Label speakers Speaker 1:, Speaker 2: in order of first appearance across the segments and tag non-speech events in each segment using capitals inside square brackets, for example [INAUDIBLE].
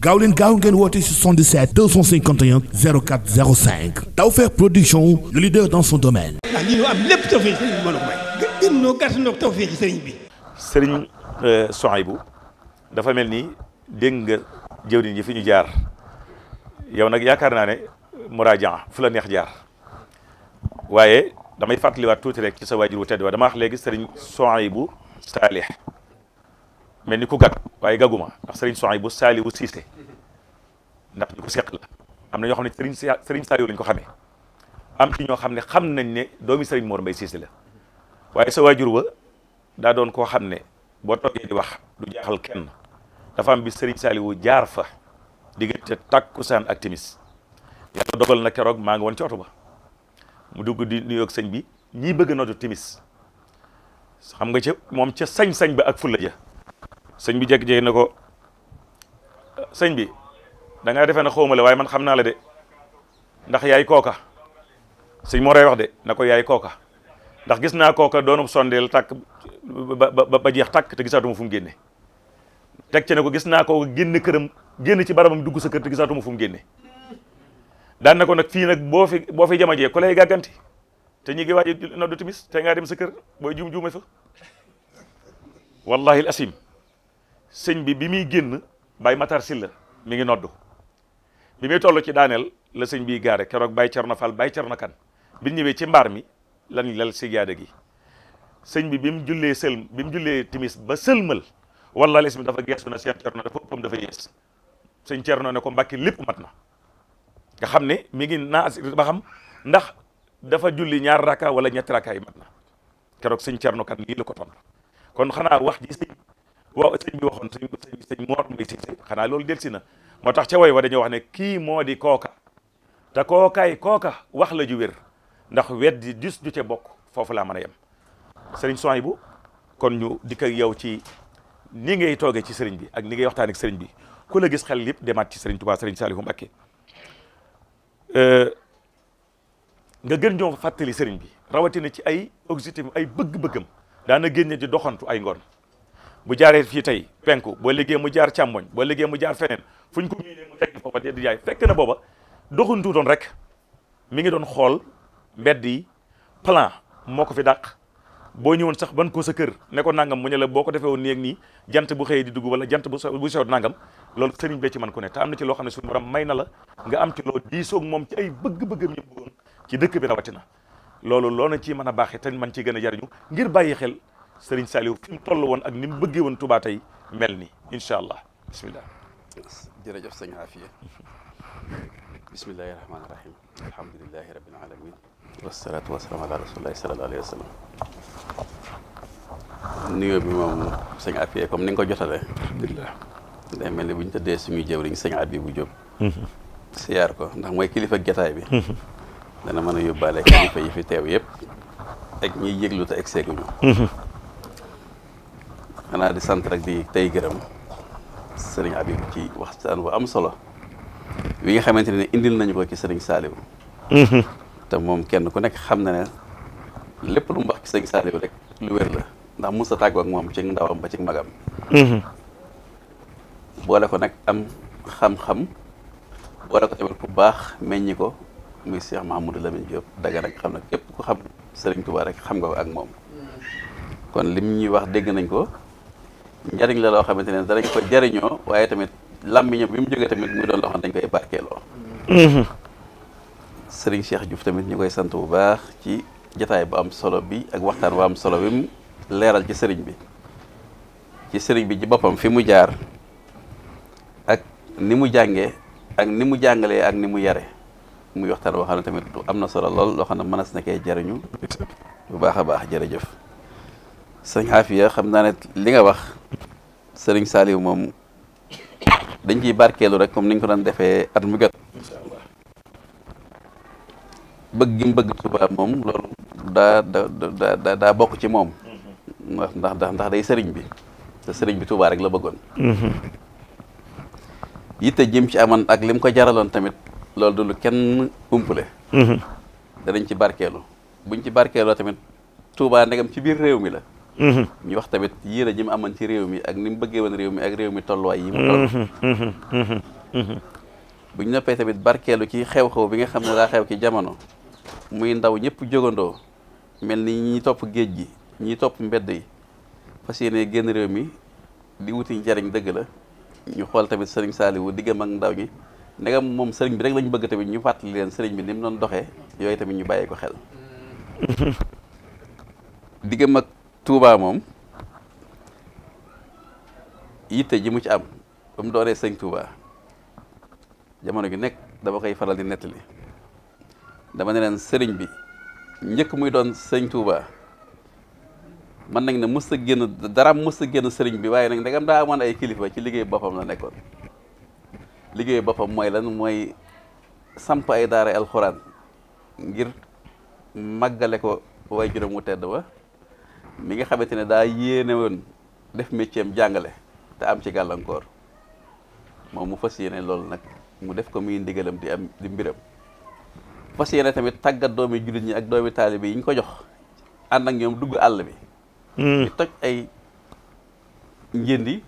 Speaker 1: gaaw leen gaaw ngeen woote 77 251 04 05 Tawfekh Production le leader dans son domaine. ah lii ñu am lépp tawfeex sëriñ bi gën noo gàtt noo tawfeex sëriñ bi.
Speaker 2: sëriñ euh, Souhaïbou dafa mel ni dégg nga jëwriñ yi fi ñu jaar yow nag yaakaar naa ne muraajan fu la neex jaar waaye damay fàttaliwaat tuuti rek ci sa waajur wu tedd wa dama wax léegi sëriñ bu Saalih mel ni ku gag waaye gaguma ndax sëriñ Souhaïbou Saliou Cissé ndax ñu ko seq la am na ñoo xam ne sëriñ sëriñ Saliou lañ ko xame am ci ñoo xam ne xam nañ ne doomi sëriñ Mor Mbaye Cissé la waaye sa waajur wa daa doon koo xam ne boo toggee di wax du jaaxal kenn dafa am bi sëriñ Saliou jaar fa diggante takkusaan ak timis yàlla dogal na keroog maa ngi woon ci ba mu dugg di nuyoog sëñ bi ñii bëgg nootu timis xam nga ca moom ca sañ-sañ ba ak fulla sëñ bi jékki-jékki na ko sëñ bi da ngaa defee na xawma la waaye man xam naa le de ndax yaay kooka sëñ Moray wax de na ko yaay kooka ndax gis naa kooka doonub sondeel tàkk ba ba jeex tàkk te gisaatuma fu mu génne teg ci ne ko gis naa kooka génn këram génn ci barabam dugg sa kër te ma fu mu génne daan na ko nag fii nag boo fi boo fi jamajee ku lay gàgganti te ñu ngi waaj noddu timis te ngaa dem sa kër booy jum juma fa wallahi al sëñ bi bi muy génn Baye Matar Sylla mi ngi noddu bi muy toll ci daaneel la sëñ bi gaare keroog Baye Thierno Fall Baye Thierno Kane bi ñëwee ci mbaar mi lan la si gaade gi sëñ bi bi mu jullee sël bi mu jullee timis ba sëlmal wala les mi dafa geesu na Cheikh Thierno dafa ëppam dafa yees sëñ Thierno ne ko mbàkki lépp mat na nga xam ne mi ngi naa ba xam ndax dafa julli ñaar raka wala ñetti raka yi mat na keroog sëñ Thierno Kane lii la ko tontu kon xanaa wax ji waaw sëñ bi waxoon sëñ sëñ moor muy si xanaa loolu delsi na moo tax ca way wa dañoo wax ne kii moo di kooka te kookaay kooka wax la ju wér ndax wet di dus du bokk foofu laa mën a yem sëriñ bu kon ñu dikk ak yow ci ni ngay toogee ci sëriñ bi ak ni ngay waxtaan ak sëriñ bi ku la gis xel yëpp demaat ci sëriñ Touba sëriñ Saliou Mbacké nga gën ñoo fàttali sëriñ bi rawatina ci ay objectif ay bëgg-bëggam daana génne di doxantu ay ngoon bu jaaree fii tey penku boo liggéey mu jaar càmmoñ boo liggéey mu jaar feneen fu ñu ko miinee mu teg foofa di jaay fekk na booba doxuntu doon rek mi ngi doon xool mbedd yi plan moo ko fi dàq boo ñëwoon sax ban ko sa kër ne nangam mu ne la boo ko defee woon nii ak nii jant bu xëyee di dugg wala jant bu bu sewut nangam loolu sëriñ bee ci man ku ne am na ci loo xam ne suñu borom may na la nga am ci loo diisoog moom ci ay bëgg-bëggam yi bëggoon ci dëkk bi rawatina loolu loo na ciy mën a baaxee te man ciy gën a jariñu ngir bàyyi xel Serigne Saliou fi mu woon ak ni mu bëggee woon Touba mel ni incha allah bisimilah.
Speaker 3: jërëjëf sëñ Afia bismillahi rahmaani rahim alhamdulilahi rabbil alamin wasalaatu wasalaam ala rasulillahi sallallahu alayhi wa bi moom sëñ Afia comme ni nga ko jotale alhamdulilah day mel ni bu ñu tëddee suñuy jëwriñ sëñ Abi bu Jóob mm-hmm. siyaar ko ndax mooy kilifa jataay bi mm-hmm. dana mën a yóbbaale kilifa yi fi teew yëpp ak ñiy yëglu te egseeguñu mm-hmm. xanaa di sant rek di tey gërëm sëriñ Habib ci waxtaan bu am solo wi nga xamante ni indil nañu ko ci sëriñ Saliou mhm. te moom kenn ku nekk xam na ne lépp lu mu wax ci sëriñ Saliou rek lu wér la ndax musa tàggoo ak moom ci ndawam ba ci magam mhm. boole ko nag am xam-xam boole ko tamit bu baax meññi ko muy Cheikh Mahamadou Lamine Diop Dagana nga xam ne képp ku xam sëriñ Touba rek xam nga ko ak moom mm. kon lim ñuy wax dégg nañ ko njariñ la loo xamante ne danañ ko jariñoo waaye tamit làmmiñam bi mu jógee tamit muy doon loo xam dañ koy barkeeloo mhm. sëriñ Cheikh Diouf tamit ñu koy sant bu baax ci jataay bu am solo bi ak waxtaan bu am solo bi mu leeral ci sëriñ bi ci sëriñ bi ci boppam fi mu jaar ak ni mu jàngee ak ni mu jàngalee ak ni mu yare muy waxtaan boo xam ne tamit am na solo lool loo xam ne mënees na koy jariñu bu baax a baax jërëjëf sëñ Xaafiya xam naa ne li nga wax sëriñ Saliou moom dañ ciy barkeelu rek comme ni ñu ko doon defee at mu bëgg gi bëgg Tuubaa moom loolu daa bokk ci moom ndax ndax day sëriñ bi te sëriñ bi Tuubaa rek la bëggoon yitte jëm ci amoon ak lim ko jaraloon tamit loolu du kenn umpule mhm. danañ ci barkeelu buñ ci barkeeloo tamit Tuubaa ndegam ci biir réew mi la Mm-hmm. ñu wax tamit yéene ji mu aman ci réew mi ak ni mu bëggee woon réew mi ak réew mi tolluwaay yi mu toll
Speaker 2: mm-hmm. Mm-hmm.
Speaker 3: bu ñu noppee tamit barkeelu ci xew-xew bi nga xam ne daa xew ci jamono muy ndaw ñëpp jógandoo mel ni ñu topp géej gi ñu topp mbedd yi fas yéene génn réew mi di wuti njariñ dëgg la ñu xool tamit sëriñ Saliou diggam ak ndaw ñi ndegam moom sëriñ bi rek lañu bëgg tamit ñu fàttali leen sëriñ bi ni mu doon doxee yooyu tamit ñu bàyyi ko xel diggam Touba moom yitte ji mu ci am ba mu doonee sëñ Touba jamono ji nekk dama koy faral di nettali dama ne leen sëriñ bi njëkk muy doon sëñ Touba man nañ ne mës a génn dara mës a génn sëriñ bi waaye nag ndegam daa amoon ay kilifa ci liggéey boppam la nekkoon liggéey boppam mooy lan mooy samp ay daara alxuraan ngir màggale ko way juróom wu tedd wa mi nga xamante ne daa yéene def métier jàngale te am ci gàllankoor moom mu fas yéene loolu nag mu def ko muy ndigalam di am di mbiram fas yéene tamit tàggat doomi jullit ñi ak doomi taalibe yi ñu ko jox ànd ak ñoom dugg àll bi. Hmm. di toj ay njëndi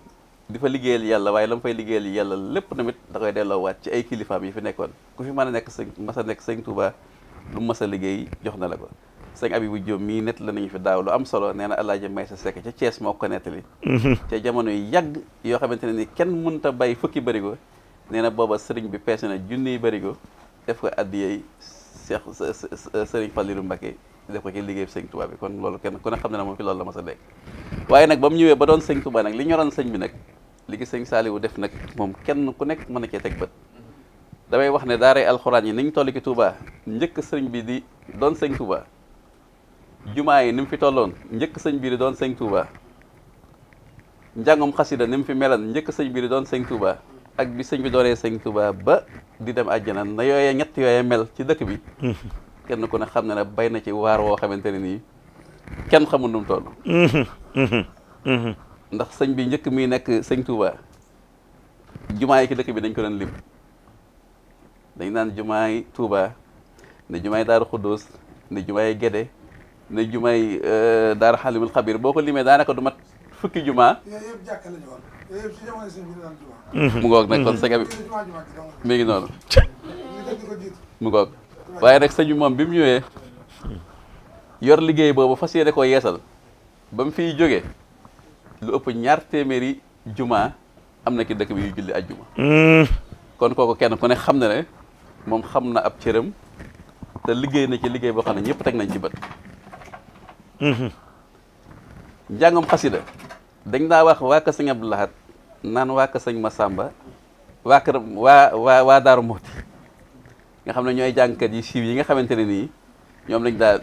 Speaker 3: di fa liggéeyal yàlla waaye la mu fay liggéeyal yàlla lépp tamit da koy delloowaat ci ay kilifaam yi fi nekkoon ku fi mën a nekk sëñ mas a nekk sëñ Tuubaa lu mas a liggéey jox na la ko. sëñ Abibou Diop mii nett la nañu fi daaw lu am solo nee na Alaaji Maysa Sekk ca Thiès moo ko nettali mhm. ca jamono yu yàgg yoo xamante ne ni kenn mënta bay fukki bërigo nee na booba sëriñ bi peese na junniy bërigo def ko addiyey Cheikh sëriñ Fallilou Mbacké def ko ci liggéey sëñ Touba bi kon loolu kenn ku ne xam ne moom fi loolu la ma sa dekk waaye nag ba mu ñëwee ba doon sëñ Touba nag li ñoroon sëñ bi nag li gi sëñ Saliou def nag moom kenn ku nekk mën na cee teg bët damay wax ne daaray alxuraan yi niñ toll ci Touba njëkk sëriñ bi di doon sëñ Touba jumaa yi ni mu fi tolloon njëkk sëñ bi di doon sëñ Touba njàngum xasida ni mu fi melan njëkk sëñ bi di doon sëñ Touba sëñ bi doonee sëñ ba di dem àjjana na yooyee ñett yooyee mel ci dëkk bi [LAUGHS] kenn ku ne xam na bay na ci waar woo xamante ne nii kenn xamul nu mu
Speaker 2: [LAUGHS]
Speaker 3: ndax sëñ bi njëkk muy nekk sëñ Touba jumaa yi ci dëkk bi dañ ko doon lim dañ naan jumaay Touba ne jumaay Daaru Xuddoos ne jumaay Gédé ne jumaay euh, daara xalimul xabir boo ko limee daanaka du mat fukki jumaa
Speaker 1: mhm. mu ngoog nag kon saga bi
Speaker 3: mi ngi noonu mu ngoog waaye nag sañu moom bi mu ñëwee yor liggéey boobu fas yéene ko yeesal ba mu fiy jógee lu ëpp ñaar téeméeri jumaa am na ki dëkk bi yu julli ak juma mhm. kon kooku kenn ku ne xam ne ne moom xam na ab cëram te liggéey na ci liggéey boo xam ne ñëpp teg nañ ci bët Mm-hmm. jàngam xasida dañ daa wax waa ka sëñ Abdou naan waa ka sëñ sàmba waa kër waa waa waa Daaru Muxti nga xam ne ñooy jàngkat yi siiw yi nga xamante ne nii ñoom lañ daa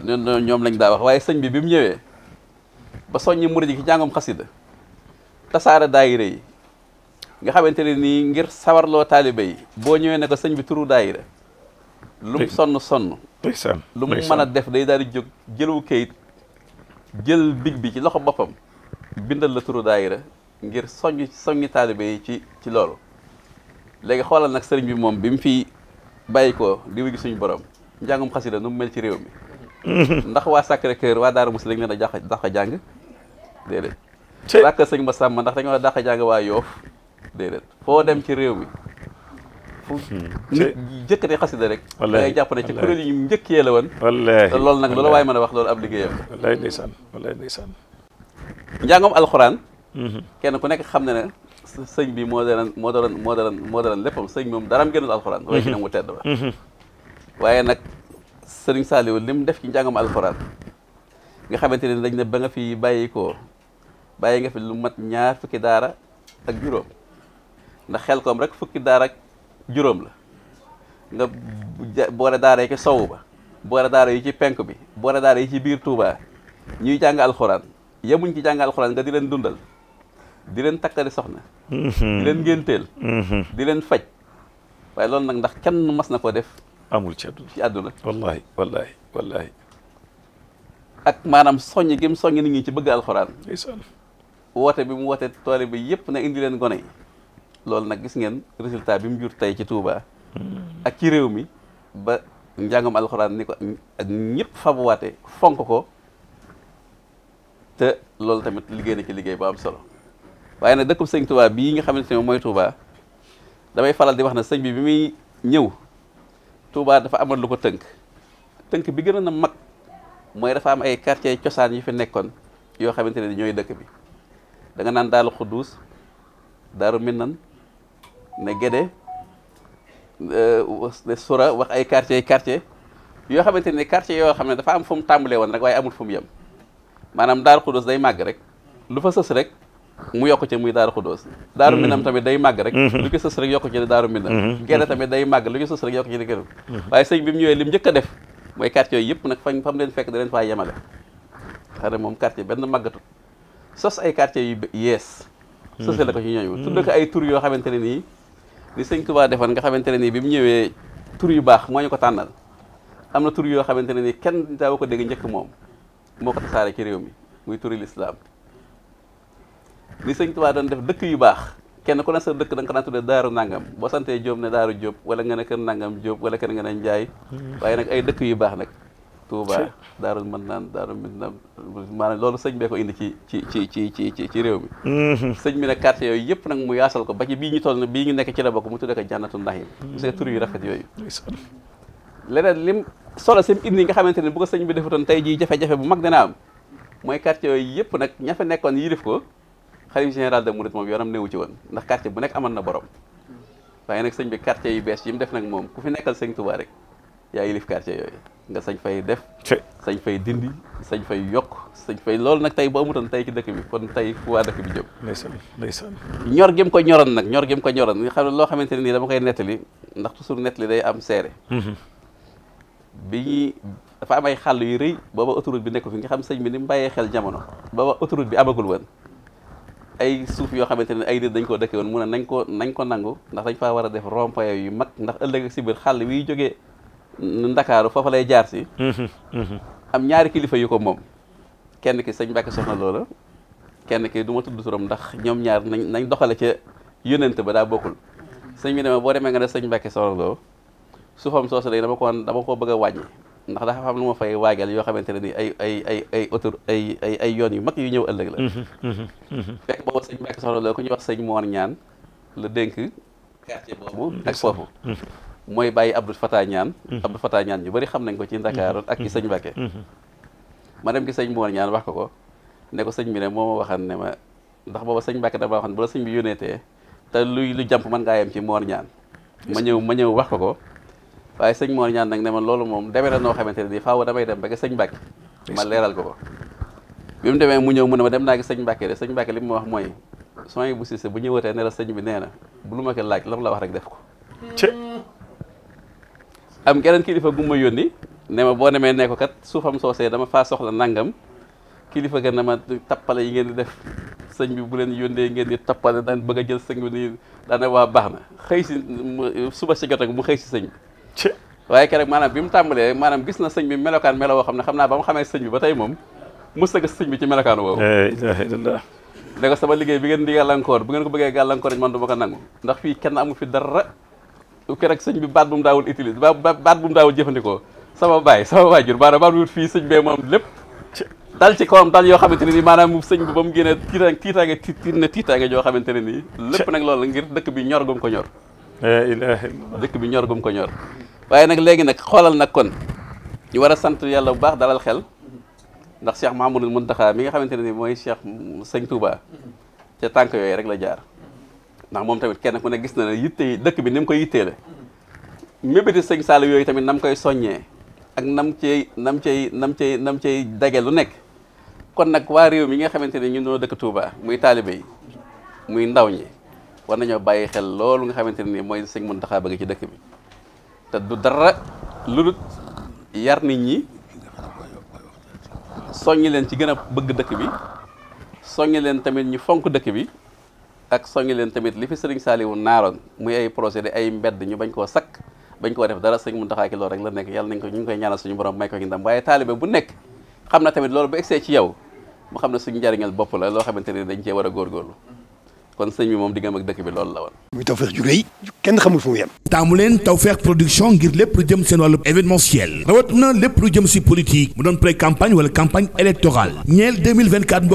Speaker 3: ñoom lañ daa wax waaye sëñ bi bi mu ñëwee ba soññi murid yi ci jàngam xasida tasaare daayira yi nga xamante ne nii ngir sawarloo taalibe yi boo ñëwee ne sëñ bi turu daayira lu mu sonn sonn lu mu mën a def day daal di jóg jëlu kayit jël big bi ci loxo boppam bindal la turu daayira ngir soññ soññ taalibe yi ci ci loolu léegi xoolal nag sëriñ bi moom bi mu fi bàyyi ko di wégi suñu borom njàngum xasida nu mu mel ci réew mi [LAUGHS] ndax waa Sacré-Cœur waa Daaru Musi lañ leen a jàq dàq jàng déedéet waa kër sëñ Massamba ndax dañoo dàq jàng waa Yoof déedéet foo dem ci réew mi fu hmm. nit jëkkatee xasida rek da ngay jàpp na ci kuréel yi njëkkee la woon wallaahi loolu nag loolu waaye mën a wax loolu ab liggéeyam
Speaker 2: wallaahi
Speaker 3: ndeysaan alxuraan hmm. kenn ku nekk xam ne na sëñ bi moo daran moo daran moo daran moo daran léppam sëñ moom daraam génnul alxuraan waaye ki ne hmm. waaye nag sëriñ Saliou li mu def ci njàngom alxuraan nga xamante ne dañ ne ba nga fi bàyyi koo bàyyi nga fi lu mat ñaar fukki daara ak juróom ndax xel koom rek fukki daara juróom la nga boole daara yi ci sowu ba boole daara yi ci penk bi boole daara yi ci biir tuubaa ñuy jàng alxuraan yemuñ ci jàng alxuraan nga di leen dundal di leen takkali soxna mhm. di leen ngénteel mhm. di leen faj waaye loolu nag ndax kenn mas na ko def amul ci àdduna ci àdduna wallahi wallahi wallahi ak maanaam soññ gi mu soññ nit ñi ci bëgg alxuraan woote bi mu woote toole bi yëpp na indi leen gone yi loolu nag gis ngeen résultat bi mu jur tey ci Touba. ak ci réew mi ba njàngam alxuraan ni ko ak ñëpp fabuwaate fonk ko te loolu tamit liggéey na ci liggéey bu am solo waaye nag dëkkub sëñ bi yi nga xamante ne mooy Touba damay faral di wax na sëñ bi bi muy ñëw Touba dafa amoon lu ko tënk tënk bi gën a mag mooy dafa am ay quartier cosaan yu fi nekkoon yoo xamante ne ñooy dëkk bi danga nga naan daaru Xuddus daaru Minnan ne Guédé euh, ne Soura wax ay quartier quartier yoo xamante ni quartier yoo xam ne dafa am fu mu woon rek waaye amul mu yem maanaam Daaru Xuddoos day màgg rek lu fa sës rek mu yokk ci muy Daaru Xuddoos Daaru Minam mhm. tamit day màgg rek mhm. lu ko sës rek yokk ci mhm. màgg lu ko sës rek yokk ci di Guédé waaye sëñ bi mu ñëwee lim njëkk a quartier yëpp nag fañ fa mu fekk da leen faa yemale xare moom quartier benn ay quartier yu yees sosé yoo xamante ne nii li sëñ Tuubaa defoon nga xamante ne nii bi mu ñëwee tur yu baax moo ñu ko tànnal am na tur yoo xamante ne nii kenn daawu ko dégg njëkk moom moo ko tasaare ci réew mi muy turi lislaam li sëñ Tuubaa doon def dëkk yu baax kenn ku ne sa dëkk da nga ko daan tuddee daaru nangam boo santee Jóob ne daaru Jóob wala nga ne kër nangam Jóob wala kër nga ne Njaay mm-hmm. waaye nag ay dëkk yu baax nag Touba Daarul Mannaan Daarul Minam maanaam loolu sëñ bee ko indi ci ci ci ci ci ci ci réew mi mhm. sëñ bi nag quartier yooyu yëpp nag mu yaasal ko ba ci bii ñu toll bii ñu nekk ci la bokk mu tuddee ko jànnatu naxiim mhm. gis nga tur yu rafet yooyu leneen lim solo sim indi nga xamante ne bu ko sëñ bi defutoon tey jii jafe-jafe bu mag dana am mooy quartier yooyu yëpp nag ña fa nekkoon yilif ko xalif général de Mouride moom yoonam newu ci woon ndax quartier bu nekk amoon na borom waaye nag sëñ bi quartier yu bees yi mu def nag moom ku fi nekkal sëñ Touba rek yaa yilif quartier yooyu nga sañ fay def sañ fay dindi sañ fay yokk sañ fay loolu nag tey bu amutoon tey ci dëkk bi kon tey fu waa dëkk bi jëm ndeysaan ndeysaan ñor gi mu ko ñoroon nag ñor gi mu ko ñoroon nga xam ne loo xamante ne nii dama koy nettali ndax toujours nettali day am seere mhm. bi ñuy dafa am ay nekk fi nga xam sëñ bi ni mu bàyyee xel jamono booba autoroute bi amagul woon ay suuf yoo xamante ay nit dañ koo dëkke woon mu ne nañ ko nañ ko nangu ndax dañ faa war a def rond-point yu mag ndax ëllëg ak si biir xàll wiy ndakaaru foofa lay jaar si
Speaker 2: mhm, mhm.
Speaker 3: am ñaari kilifa yu ko moom kenn ki sëñ Mbàkke soxna loola kenn ki du ma tudd turam ndax ñoom ñaar nañ nañ doxale ca yónnent ba daa bokkul sëñ bi ne boo demee nga ne sëñ Mbàkke soxna loola suufam soosu day dama ko ko bëgg a wàññi ndax dafa am lu ma fay waajal yoo xamante ne ni ay ay yoon yu mag yu ñëw ëllëg la mhm, fekk boobu sëñ Mbàkke soxna loola ku ñuy wax sëñ Moor ñaan la dénk quartier boobu ak foofu mooy bàyyi Abdou Fatah ñaan mhm. Abdou Fatah ñaan ñu bëri xam nañ ko ci Ndakaaru mhm. ak ci sëñ Mbàkke mhm. ma dem ci sëñ Mor ñaan wax ko ko ne ko sëñ bi ne moo ma waxan ne ma ndax booba sëñ Mbàkke dama waxan bu la sëñ bi yónneetee te luy lu jàmp mën ngaa yem ci Mor ñaan ma ñëw ma ñëw wax ko ko waaye sëñ Mor ñaan nag ne ma loolu moom demee na noo xamante ne nii faaw damay dem ba ke sëñ Mbàkke ma leeral ko ko bi mu demee mu ñëw mu ne ma dem naa gi sëñ Mbàkke de sëñ Mbàkke li mu wax mooy sooy bu Siise bu ñëwatee ne la sëñ bi nee na bu lu ma ko laaj la mu la wax rek def ko am keneen kilifa gu ma yónni ne ma boo demee ne kat suufam soosee dama faa soxla nangam kilifa gën ma tappale yi ngeen di def sëñ bi bu leen yónnee ngeen di tappale daan bëgg a jël sëñ bi nii daana waa baax na xëy si suba si jot mu xëy si sëñ bi waaye keroog maanaam bi mu tàmbalee maanaam gis na sëñ bi melokaan melo woo xam ne xam naa ba xamee sëñ bi ba tey moom mës a sëñ bi ci melokaan woowu ne ko sama liggéey bi ngeen di yàllankoor bu ngeen bëggee gàllankoor man du ma ko ndax fii kenn amu fi dara keroog sëñ bi baat bu mu daawul utilise baat bu mu daawul jëfandikoo sama baay sama waajur maanaam baat bu fii sëñ bee moom lépp dal ci kawam dal yoo xamante ne nii maanaam sëñ bi ba mu génnee tiitaange tiitaange tiit na tiitaange joo xamante ne nii lépp nag loolu la ngir dëkk bi ñor gum ko ñor dëkk bi ñor ko ñor waaye nag léegi nag xoolal nag kon ñu war a sant yàlla bu baax dalal xel ndax Cheikh Mahamadul Muntaxa mi nga xamante ne nii mooy Cheikh Sëñ Touba ca tànk yooyu rek la jaar ndax moom tamit kenn ku ne gis na ne yitte yi dëkk bi ni mu koy yitteele mébéti sëñ Saliou yooyu tamit nam koy soññee ak nam cey nam cey nam cey nam cey dage lu nekk kon nag waa réew mi nga xamante ne ñun ñoo dëkk Touba muy taalibe yi muy ndaw ñi war nañoo bàyyi xel loolu nga xamante ne nii mooy sëñ mun Mountakha bëgg ci dëkk bi te du dara lu dul yar nit ñi soññi leen ci gën a bëgg dëkk bi soññi leen tamit ñu fonk dëkk bi ak songi leen tamit li fi sëriñ Saliou naaroon muy ay projet di ay mbedd ñu bañ koo sakk bañ koo def dara sëñ Mountakha ki loolu rek la nekk yàlla nañ ko ñu ngi koy ñaanal suñu borom may ko ngi ndam waaye taalibe bu nekk xam na tamit loolu bu egsee ci yow mu xam ne suñu njariñal bopp la loo xamante ni dañ cee war a góorgóorlu kon sëñ bi moom diggam ak dëkk bi loolu la woon.
Speaker 1: muy Tawfekh jugee yi. kenn xamul fu mu yem. taamu leen Tawfekh production ngir lépp lu jëm seen wàllu événementiel rawat na lépp lu jëm si politique mu doon pré campagne wala campagne électorale ñeel 2024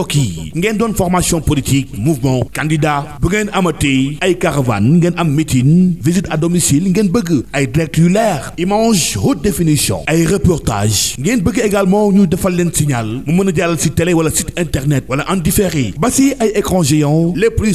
Speaker 1: ngeen doon formation politique mouvement candidat bu ngeen amatee ay caravane ngeen am meeting visite à domicile ngeen bëgg ay direct yu leer image haute définition ay reportage ngeen bëgg également ñu defal leen signal mu mën a jàllal si si ay écran géant les prix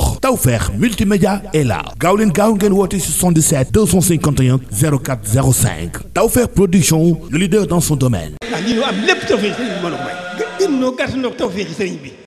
Speaker 1: jox Tawfekh multimédia est là gaaw leen gaaw ngeen woote 77 251 04 05 Tawfekh production le leader dans son domaine. Ah, am lépp Tawfekh sëriñ bi mën a may. gën noo gàtt noo Tawfekh sëriñ